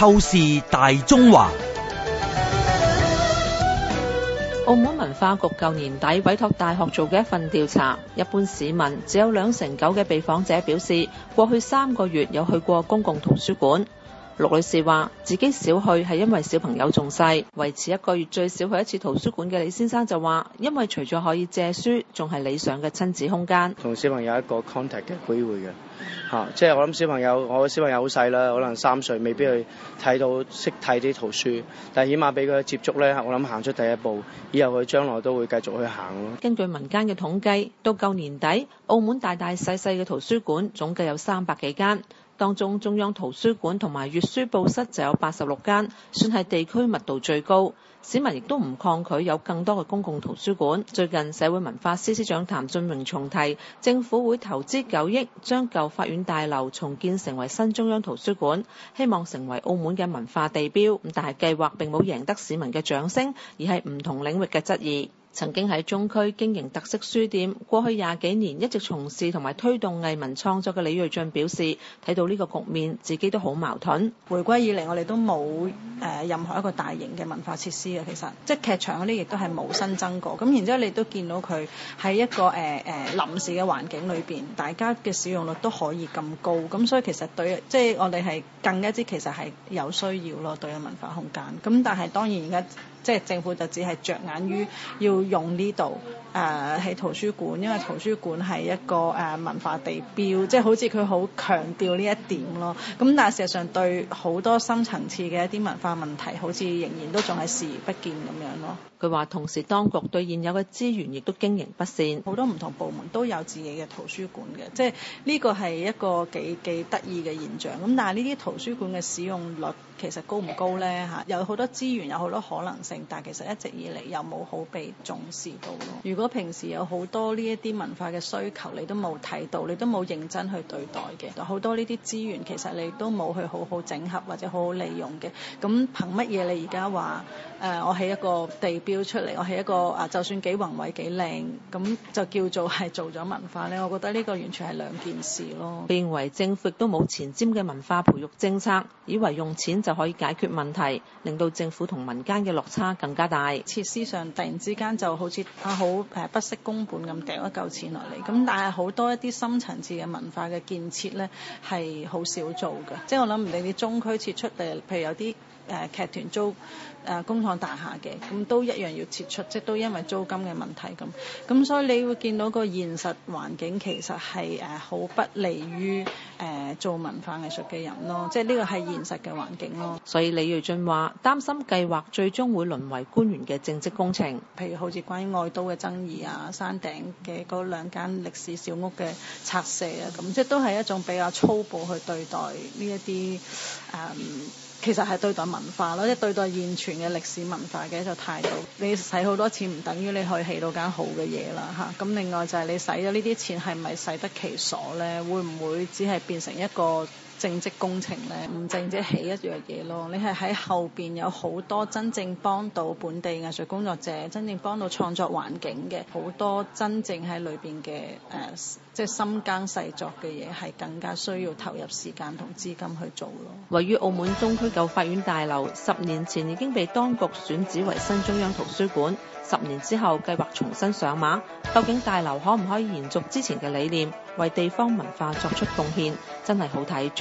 透視大中華。澳門文化局舊年底委託大學做嘅一份調查，一般市民只有兩成九嘅被訪者表示，過去三個月有去過公共圖書館。陸女士話自己少去係因為小朋友仲細，維持一個月最少去一次圖書館嘅李先生就話，因為除咗可以借書，仲係理想嘅親子空間，同小朋友一個 contact 嘅機會嘅，吓、啊，即、就、係、是、我諗小朋友，我嘅小朋友好細啦，可能三歲未必去睇到識睇啲圖書，但起碼俾佢接觸咧，我諗行出第一步，以後佢將來都會繼續去行咯。根據民間嘅統計，到舊年底，澳門大大細細嘅圖書館總計有三百幾間。當中中央圖書館同埋閲書報室就有八十六間，算係地區密度最高。市民亦都唔抗拒有更多嘅公共圖書館。最近社會文化司司長譚俊榮重提，政府會投資九億，將舊法院大樓重建成為新中央圖書館，希望成為澳門嘅文化地標。但係計劃並冇贏得市民嘅掌聲，而係唔同領域嘅質疑。曾經喺中區經營特色書店，過去廿幾年一直從事同埋推動藝文創作嘅李瑞俊表示，睇到呢個局面，自己都好矛盾。回歸以嚟，我哋都冇誒任何一個大型嘅文化設施啊，其實即係劇場嗰啲亦都係冇新增過。咁然之後，你都見到佢喺一個誒誒臨時嘅環境裏邊，大家嘅使用率都可以咁高，咁所以其實對即係我哋係更加之，其實係有需要咯，對啊文化空間。咁但係當然而家。即係政府就只係着眼於要用呢度。誒、啊、喺圖書館，因為圖書館係一個誒、啊、文化地標，即、就、係、是、好似佢好強調呢一點咯。咁但係事實上對好多深層次嘅一啲文化問題，好似仍然都仲係視而不見咁樣咯。佢話同時當局對現有嘅資源亦都經營不善，好多唔同部門都有自己嘅圖書館嘅，即係呢個係一個幾幾得意嘅現象。咁但係呢啲圖書館嘅使用率其實高唔高呢？嚇，有好多資源，有好多可能性，但係其實一直以嚟又冇好被重視到咯。如果平時有好多呢一啲文化嘅需求，你都冇睇到，你都冇認真去對待嘅，好多呢啲資源其實你都冇去好好整合或者好好利用嘅。咁憑乜嘢你而家話誒，我起一個地標出嚟，我起一個啊，就算幾宏偉幾靚，咁就叫做係做咗文化呢？我覺得呢個完全係兩件事咯。變為政府亦都冇前瞻嘅文化培育政策，以為用錢就可以解決問題，令到政府同民間嘅落差更加大。設施上突然之間就好似好～、啊誒不惜工本咁掟一嚿錢落嚟，咁但係好多一啲深層次嘅文化嘅建設咧係好少做嘅，即係我諗唔定啲中區設出嚟，譬如有啲誒劇團租誒工廠大廈嘅，咁都一樣要設出，即係都因為租金嘅問題咁，咁所以你會見到個現實環境其實係誒好不利於。誒做文化藝術嘅人咯，即係呢個係現實嘅環境咯。所以李瑞俊話：擔心計劃最終會淪為官員嘅政績工程，譬如好似關於愛都嘅爭議啊、山頂嘅嗰兩間歷史小屋嘅拆卸啊，咁即係都係一種比較粗暴去對待呢一啲誒。嗯其實係對待文化咯，即係對待現存嘅歷史文化嘅一個態度。你使好多錢唔等於你可以起到間好嘅嘢啦，嚇。咁另外就係你使咗呢啲錢係咪使得其所呢？會唔會只係變成一個？政績工程咧，唔政績起一樣嘢咯。你係喺後邊有好多真正幫到本地藝術工作者、真正幫到創作環境嘅好多真正喺裏面嘅、呃、即係深耕細作嘅嘢，係更加需要投入時間同資金去做咯。位於澳門中區舊法院大樓，十年前已經被當局選址為新中央圖書館，十年之後計劃重新上馬。究竟大樓可唔可以延續之前嘅理念，為地方文化作出貢獻？真係好睇